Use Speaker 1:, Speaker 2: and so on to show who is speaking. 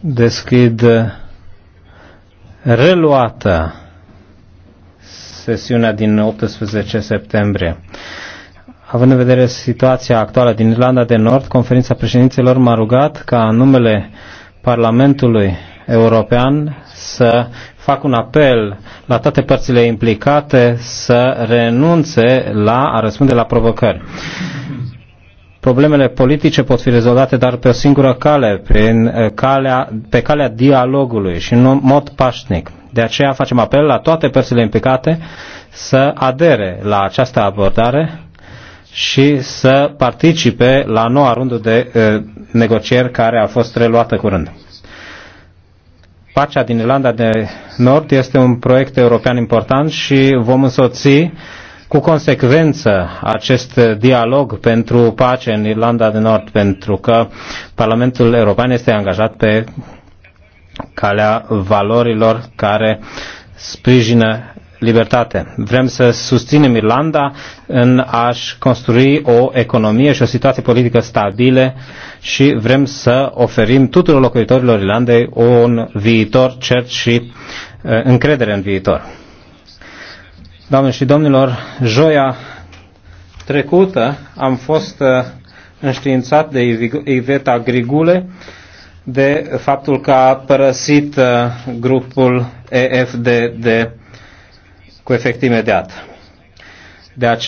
Speaker 1: deschid uh, reluată sesiunea din 18 septembrie. Având în vedere situația actuală din Irlanda de Nord, conferința președinților m-a rugat ca în numele Parlamentului European să fac un apel la toate părțile implicate să renunțe la a răspunde la provocări. Problemele politice pot fi rezolvate dar pe o singură cale, prin eh, calea, pe calea dialogului și în mod pașnic. De aceea facem apel la toate persoanele implicate să adere la această abordare și să participe la noua rundă de uh, negocieri care a fost reluată curând. Pacea din Irlanda de Nord este un proiect european important și vom însoți cu consecvență acest dialog pentru pace în Irlanda de Nord, pentru că Parlamentul European este angajat pe calea valorilor care sprijină libertate. Vrem să susținem Irlanda în a-și construi o economie și o situație politică stabile și vrem să oferim tuturor locuitorilor Irlandei un viitor cert și uh, încredere în viitor. Doamne și domnilor, joia trecută am fost uh, înștiințat de Iveta Grigule de faptul că a părăsit uh, grupul EFDD cu efect imediat. De aceea